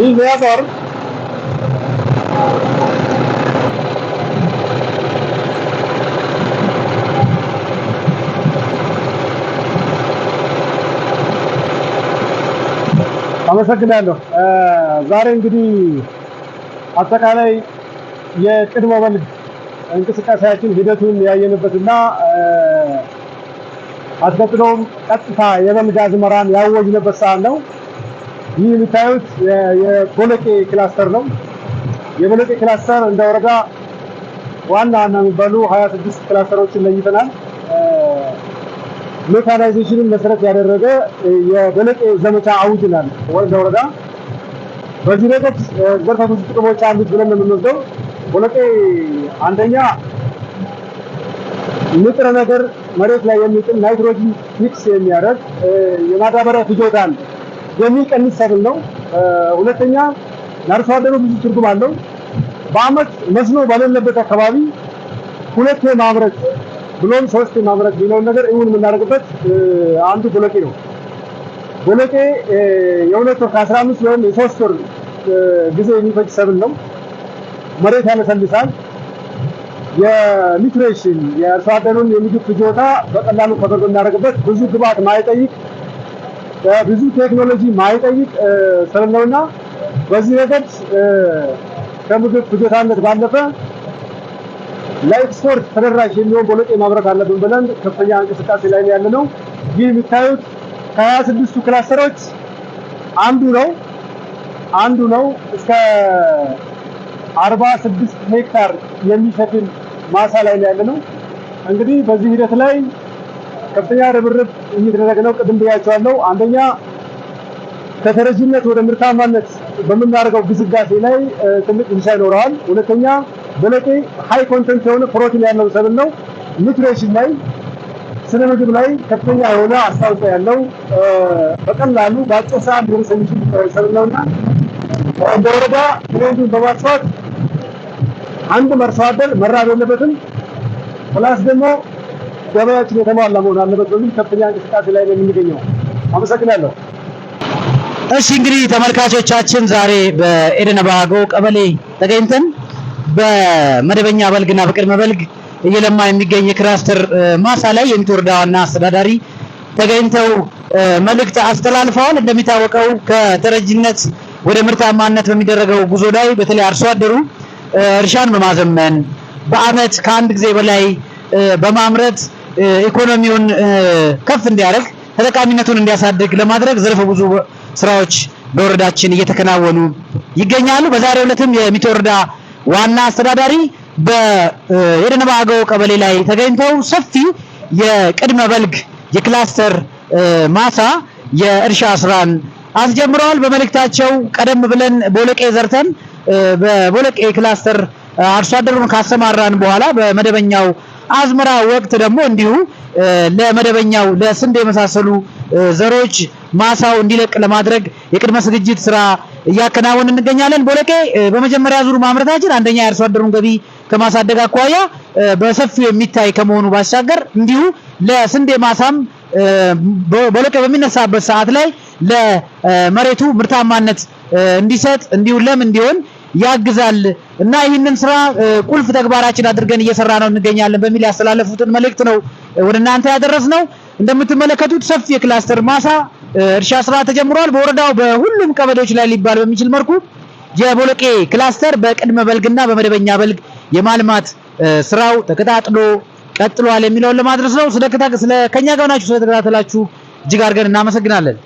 This therefore አመሰግናለሁ። ዛሬ እንግዲህ አጠቃላይ የቅድመ ወሊድ እንቅስቃሴያችን ሂደቱን ያየንበትና አስከትሎም ቀጥታ የበልግ አዝመራን ያወጅንበት ሰዓት ነው። ይህ የሚታዩት የቦለቄ ክላስተር ነው። የቦለቄ ክላስተር እንደ ወረዳ ዋና ዋና የሚባሉ ሀያ ስድስት ክላስተሮችን ለይተናል። ሜካናይዜሽንን መሰረት ያደረገ የበለቄ ዘመቻ አውጅናል እንደ ወረዳ። በዚህ ረገድ ዘርፈ ብዙ ጥቅሞች አሉት ብለን የምንወስደው ቦለቄ አንደኛ ንጥረ ነገር መሬት ላይ የሚጥል ናይትሮጂን ፊክስ የሚያደርግ የማዳበሪያ አለ። የሚቀንስ ሰብል ነው። ሁለተኛ ለአርሶ አደሩ ብዙ ትርጉም አለው። በአመት መስኖ በሌለበት አካባቢ ሁለቴ ማምረት ብሎም ሶስቴ ማምረት የሚለውን ነገር እውን የምናደርግበት አንዱ ቦሎቄ ነው። ቦሎቄ የሁለት ወር ከአስራ አምስት ወይም የሶስት ወር ጊዜ የሚፈጅ ሰብል ነው። መሬት ያለሰልሳል። የኒትሬሽን የአርሶ አደሩን የምግብ ፍጆታ በቀላሉ ከበር የምናደርግበት ብዙ ግብዓት ማይጠይቅ ብዙ ቴክኖሎጂ ማይጠይቅ ሰብል በዚህ ረገድ ከምግብ ፍጆታነት ባለፈ ለኤክስፖርት ተደራሽ የሚሆን ቦሎቄ ማምረት አለብን ብለን ከፍተኛ እንቅስቃሴ ላይ ያለ ነው። ይህ የሚታዩት ከሀያ ስድስቱ ክላስተሮች አንዱ ነው አንዱ ነው። እስከ አርባ ስድስት ሄክታር የሚሸፍን ማሳ ላይ ያለ ነው። እንግዲህ በዚህ ሂደት ላይ ከፍተኛ ርብርብ እየተደረገ ነው። ቅድም ብያቸዋለሁ። አንደኛ ከተረጂነት ወደ ምርታማነት በምናደርገው ግዝጋሴ ላይ ትልቅ ድርሻ ይኖረዋል። ሁለተኛ በለጤ ሃይ ኮንተንት የሆነ ፕሮቲን ያለው ሰብል ነው። ኒትሬሽን ላይ ስነ ምግብ ላይ ከፍተኛ የሆነ አስተዋጽኦ ያለው በቀላሉ በአጭር ሰዓት ሊደርስ የሚችል ሰብል ነውና እንደ ወረዳ ትሬንዱን በማስፋት አንድ አርሶ መራብ የለበትም። ፕላስ ደግሞ ገበያችን የተሟላ መሆን አለበት በሚል ከፍተኛ እንቅስቃሴ ላይ ነው የምንገኘው። አመሰግናለሁ። እሺ እንግዲህ ተመልካቾቻችን ዛሬ በኤደነ በአጎ ቀበሌ ተገኝተን በመደበኛ በልግና በቅድመ በልግ እየለማ የሚገኝ የክላስተር ማሳ ላይ የሚት ወረዳ ዋና አስተዳዳሪ ተገኝተው መልእክት አስተላልፈዋል። እንደሚታወቀው ከተረጅነት ወደ ምርታማነት በሚደረገው ጉዞ ላይ በተለይ አርሶ አደሩ እርሻን በማዘመን በአመት ከአንድ ጊዜ በላይ በማምረት ኢኮኖሚውን ከፍ እንዲያደርግ ተጠቃሚነቱን እንዲያሳድግ ለማድረግ ዘርፈ ብዙ ስራዎች በወረዳችን እየተከናወኑ ይገኛሉ። በዛሬው ዕለትም የሚቶ ወረዳ ዋና አስተዳዳሪ በየደነባ አገው ቀበሌ ላይ ተገኝተው ሰፊ የቅድመ በልግ የክላስተር ማሳ የእርሻ ስራን አስጀምረዋል። በመልእክታቸው ቀደም ብለን ቦለቄ ዘርተን በቦለቄ ክላስተር አርሶ አደሩን ካሰማራን በኋላ በመደበኛው አዝመራ ወቅት ደግሞ እንዲሁ ለመደበኛው ለስንዴ የመሳሰሉ ዘሮች ማሳው እንዲለቅ ለማድረግ የቅድመ ዝግጅት ስራ እያከናወን እንገኛለን። ቦለቄ በመጀመሪያ ዙር ማምረታችን አንደኛ የአርሶ አደሩን ገቢ ከማሳደግ አኳያ በሰፊው የሚታይ ከመሆኑ ባሻገር እንዲሁ ለስንዴ ማሳም ቦለቄ በሚነሳበት ሰዓት ላይ ለመሬቱ ምርታማነት እንዲሰጥ እንዲሁ ለም እንዲሆን ያግዛል እና ይህንን ስራ ቁልፍ ተግባራችን አድርገን እየሰራ ነው እንገኛለን በሚል ያስተላለፉትን መልእክት ነው ወደ እናንተ ነው እንደምትመለከቱት ሰፊ የክላስተር ማሳ እርሻ ስራ ተጀምሯል። በወረዳው በሁሉም ቀበሌዎች ላይ ሊባል በሚችል መልኩ የቦለቄ ክላስተር በቅድመ በልግና በመደበኛ በልግ የማልማት ስራው ተቀጣጥሎ ቀጥሏል የሚለውን ለማድረስ ነው። ስለ ከኛ ጋር ናችሁ ስለተከታተላችሁ እጅግ አድርገን እናመሰግናለን።